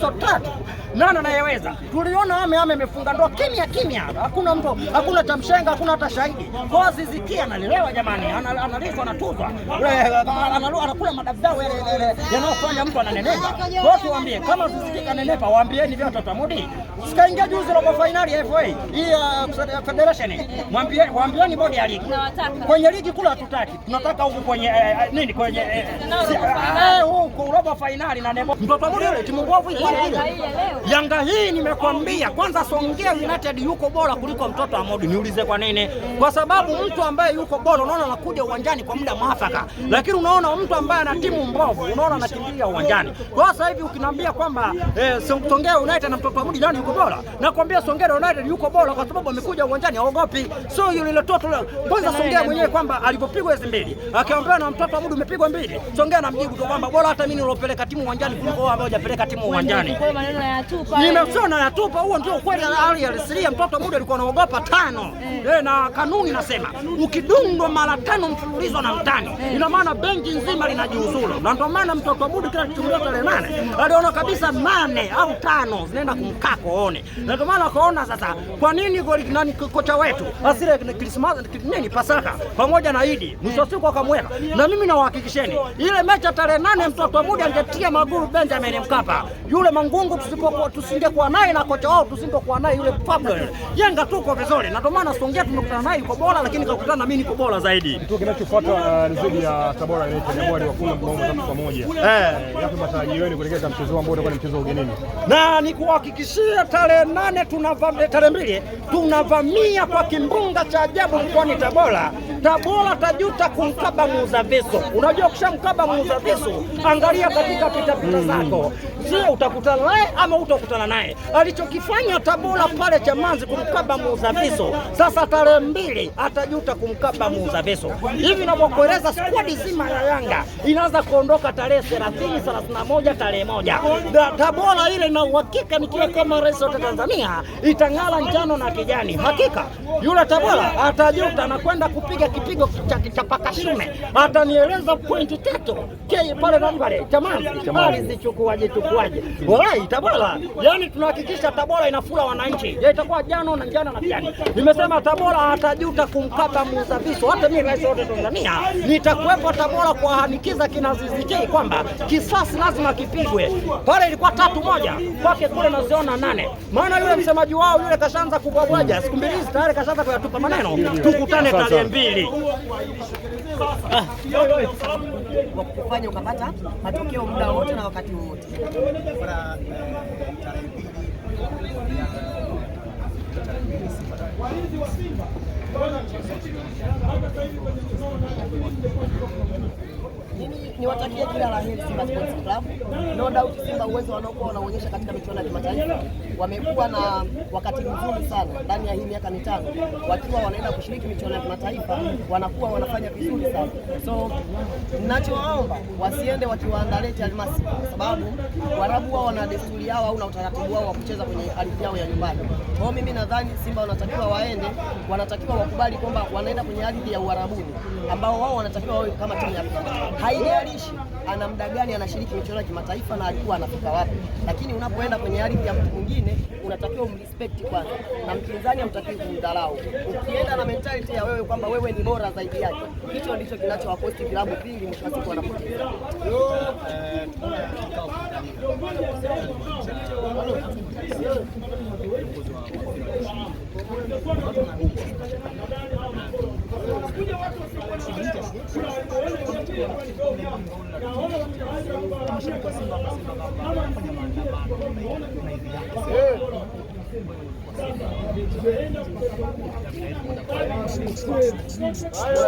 so tatu nani anayeweza? Tuliona ame ame amefunga ndoa kimya kimya, hakuna mtu, hakuna tamshenga, hakuna hata shahidi. Kozi zikia analelewa jamani, analizwa, na tuzwa. Analua anakula madadao yale yanayofanya mtu ananeneka. Kwa tuwaambie kama Aziz Ki kanenepa, waambieni vya watoto mudi sikaingia juzi robo finali ya FA hii ya Federation, Mwambie waambieni bodi ya ligi kwenye ligi kula hatutaki, tunataka huko kwenye eh, eh, nini, kwenye eh, fainali na Nebo. Mtoto mmoja yule timu mbovu iko Yanga hii nimekwambia, kwanza Songea United yuko bora kuliko mtoto wa Modi. Niulize kwa nini? Kwa sababu mtu ambaye yuko bora unaona anakuja uwanjani kwa muda mwafaka, lakini unaona mtu ambaye ana timu mbovu unaona anakimbilia uwanjani. Kwa sasa hivi ukiniambia kwamba eh, Songea United na mtoto wa Modi nani yuko bora, nakwambia Songea United yuko bora kwa sababu amekuja uwanjani haogopi. So yule mtoto kwanza Songea mwenyewe kwamba alipopigwa hizo mbili akaambiwa na mtoto wa Modi umepigwa mbili, Songea anamjibu kwamba bora hata mimi nilopeleka kupeleka timu uwanjani kuliko wao ambao hajapeleka timu uwanjani. Eh. Nimesema yatupa, huo ndio ukweli. Hali ya alisiria mtoto muda alikuwa anaogopa tano eh, eh na kanuni nasema ukidungwa mara tano mfululizo na mtani, eh. ina maana benchi nzima linajiuzulu, na ndio maana mtoto muda kila kichungulia tarehe nane aliona kabisa nane au tano zinaenda kumkako one, na ndio maana akaona sasa, kwa nini goli nani kocha wetu asile Christmas nini Pasaka pamoja na Idi mwisho siku akamweka, na mimi nawahakikisheni ile mechi tarehe nane mtoto muda angetia maguru Benjamin Mkapa, yule Mangungu tusipokuwa tusingekuwa naye na kocha wao tusingekuwa naye yule Pablo yule Yanga, tuko vizuri, na ndio maana Songea tumekutana naye yuko bora, lakini kakutana na mimi niko bora zaidi. Kitu kinachofuata uh, ni zidi ya Tabora ile ambao aliwafunga mabao tatu kwa moja. Eh. eh, yapi matarajio yenu kuelekea mchezo ambao utakuwa ni mchezo ugenini? Na nikuhakikishia tarehe nane tunavamia, eh, tarehe mbili tunavamia kwa kimbunga cha ajabu mkoani Tabora. Tabora tajuta kumkaba muuza visu. Unajua, ukishamkaba muuza visu, angalia 嗯。je, utakutana naye ama utakutana naye? Alichokifanya Tabora pale Chamazi kumkaba muuza viso, sasa tarehe mbili atajuta kumkaba muuza viso. Hivi navyokueleza skwadi zima ya Yanga inaanza kuondoka tarehe thelathini, thelathini na moja, tarehe moja. da, Tabora ile na uhakika nikiwa kama rais wa Tanzania itang'ala njano na kijani. Hakika yule Tabora atajuta na kwenda kupiga kipigo cha kichapakashume, atanieleza pointi tatu pale Chamanzi. alizichukua jitukua itakuwaje? Walai Tabora, yani tunahakikisha Tabora inafura wananchi. Je, itakuwa jano na jana na jana? Nimesema Tabora hatajuta kumkata muuza visu, hata mimi rais wote Tanzania nitakuwepo Tabora kuahanikiza kinazizikii kwamba kisasi lazima kipigwe. Pale ilikuwa tatu moja kwake kule naziona nane, maana yule msemaji wao yule kashaanza kubwabwaja siku mbili hizi tayari kashaanza kuyatupa maneno. Tukutane tarehe mbili wa kufanya ukapata matokeo muda wote na wakati wote para eh, tarehe kila la heri Simba Sports Club. No doubt Simba uwezo wanaokuwa wanaonyesha katika michuano ya kimataifa wamekuwa na wakati mzuri sana ndani ya hii miaka mitano, wakiwa wanaenda kushiriki michuano ya kimataifa, wanakuwa wanafanya vizuri sana. So ninachowaomba wasiende wakiwaandaleti Almasi, kwa sababu Waarabu wao wana desturi yao au na utaratibu wao wa kucheza kwenye ardhi yao ya nyumbani. Kwa hiyo mimi nadhani Simba wanatakiwa waende, wanatakiwa wakubali kwamba wanaenda kwenye ardhi ya Uarabuni ambao wao wanatakiwa wawe kama timu ya pili, haijalishi ana muda gani anashiriki michezo ya kimataifa na alikuwa anafika wapi. Lakini unapoenda kwenye ardhi ya mtu mwingine, unatakiwa umrespect kwanza, na mpinzani hamtakiwi kumdharau. Ukienda na mentality ya wewe kwamba wewe ni bora zaidi yake, hicho ndicho kinachowakosti vilabu vingi, mwisho wa siku wanapoteza. kwa Simba, kwa Simba baba anafanya maandamano na hivi yake sasa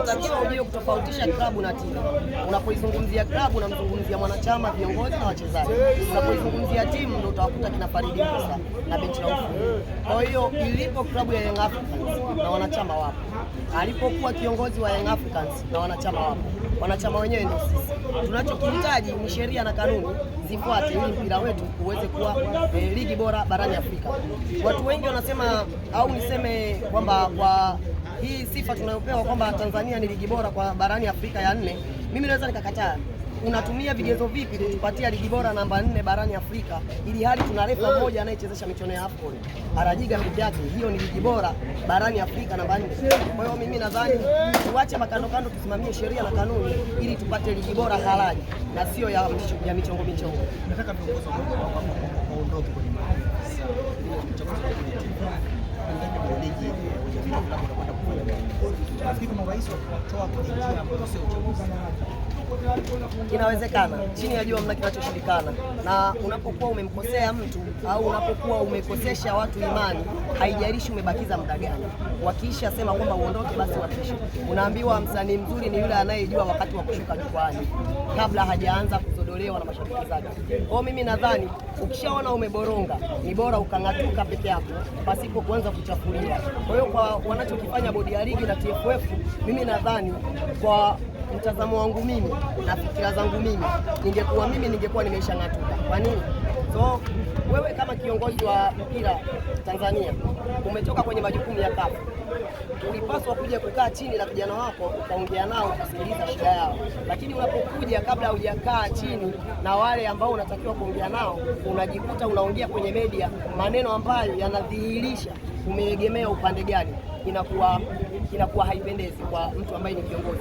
Unatakiwa ujue kutofautisha klabu na timu. Unapoizungumzia klabu unamzungumzia mwanachama, viongozi na wachezaji. Unapoizungumzia timu ndio utawakuta kina Faridi Musa na benchi la ufundi. Kwa hiyo ilipo klabu ya Young Africans na wanachama wapo, alipokuwa kiongozi wa Young Africans na wanachama wapo. Wanachama wenyewe ndio sisi. Tunachokihitaji ni sheria na kanuni zifuate ili mpira wetu uweze kuwa e, ligi bora barani Afrika. Watu wengi wanasema au niseme kwamba kwa hii sifa tunayopewa kwamba Tanzania ni ligi bora kwa barani Afrika ya nne, mimi naweza nikakataa unatumia vigezo vipi kutupatia ligi bora namba nne barani Afrika ili hali tuna refa mmoja anayechezesha michuano ya AFCON Arajiga peke Hiyo ni ligi bora barani Afrika namba nne. Kwa hiyo mimi nadhani tuache makando kando, tusimamie sheria na kanuni ili tupate ligi bora halali na sio ya, ya michongo michongo. Nataka viongozi waondoke inawezekana. Chini ya jua mna kinachoshindikana, na unapokuwa umemkosea mtu au unapokuwa umekosesha watu imani, haijalishi umebakiza muda gani, wakiisha sema kwamba uondoke, basi wapishe. Unaambiwa msanii mzuri ni yule anayejua wakati wa kushuka jukwaani kabla hajaanza kuzodolewa na mashabiki zake. Kwa mimi nadhani ukishaona umeboronga, ni bora ukang'atuka peke yako pasipo kuanza kuchafuliwa. Kwa hiyo, kwa wanachokifanya bodi ya ligi na TFF, mimi nadhani kwa mtazamo wangu mimi na fikira zangu mimi, ningekuwa mimi ningekuwa nimeishang'atuka. Kwa nini? So wewe kama kiongozi wa mpira Tanzania umetoka kwenye majukumu ya kafu, ulipaswa kuja kukaa chini na vijana wako ukaongea nao kusikiliza shida yao, lakini unapokuja kabla hujakaa chini na wale ambao unatakiwa kuongea nao, unajikuta unaongea kwenye media maneno ambayo yanadhihirisha umeegemea upande gani inakuwa inakuwa haipendezi kwa mtu ambaye ni kiongozi.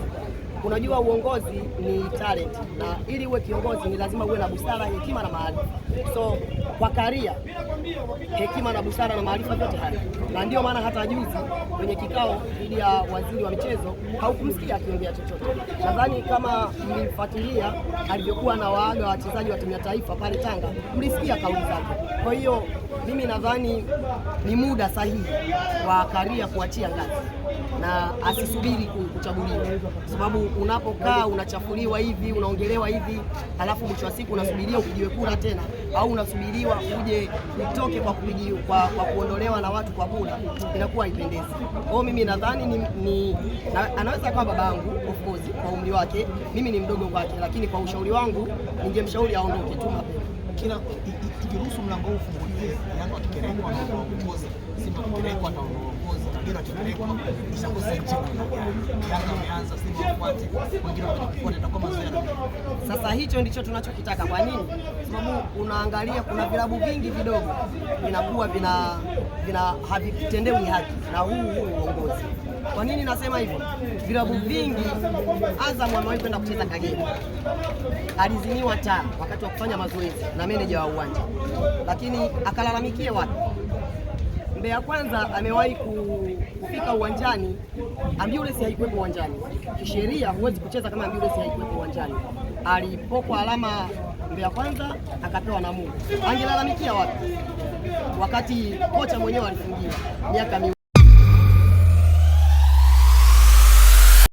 Unajua, uongozi ni talent, na ili uwe kiongozi ni lazima uwe na busara, hekima na maadili so kwa karia hekima na busara na maarifa yote haya, na ndio maana hata juzi kwenye kikao dhidi ya waziri wa michezo haukumsikia akiongea chochote. Nadhani kama mlifuatilia alivyokuwa na waaga wachezaji wa timu ya taifa pale Tanga, mlisikia kauli zake. Kwa hiyo mimi nadhani ni muda sahihi wa Karia kuachia ngazi na asisubiri kuchaguliwa, kwa sababu unapokaa unachafuliwa hivi unaongelewa hivi, halafu mwisho wa siku unasubiria upigiwe kura tena, au unasubiriwa uje utoke kwa, kwa, kwa kuondolewa na watu kwa kura, inakuwa haipendezi. Kwa hiyo mimi nadhani ni, ni na, anaweza kuwa babangu of course kwa umri wake, mimi ni mdogo kwake, lakini kwa ushauri wangu ningemshauri aondoke tu mapema kila ikiruhusu mlango ufunguliwe, Yanga akikerekwa ataondoka, Simba akikerekwa ataondoka sasa, Sasa hicho ndicho tunachokitaka. Kwa nini? Sababu unaangalia kuna vilabu vingi vidogo vinakuwa vina vina havitendewi haki na huu huu uongozi. Kwa nini nasema hivyo? Vilabu vingi, Azam amewahi kwenda kucheza Kagera, alizimiwa taa wakati wa kufanya mazoezi na meneja wa uwanja, lakini akalalamikia watu Mbeya Kwanza amewahi kufika uwanjani, ambulance haikuwepo uwanjani. Kisheria huwezi kucheza kama ambulance haikuwepo uwanjani. Alipokwa alama Mbeya Kwanza akapewa na Mungu, angelalamikia wapi wakati kocha mwenyewe alifungia miaka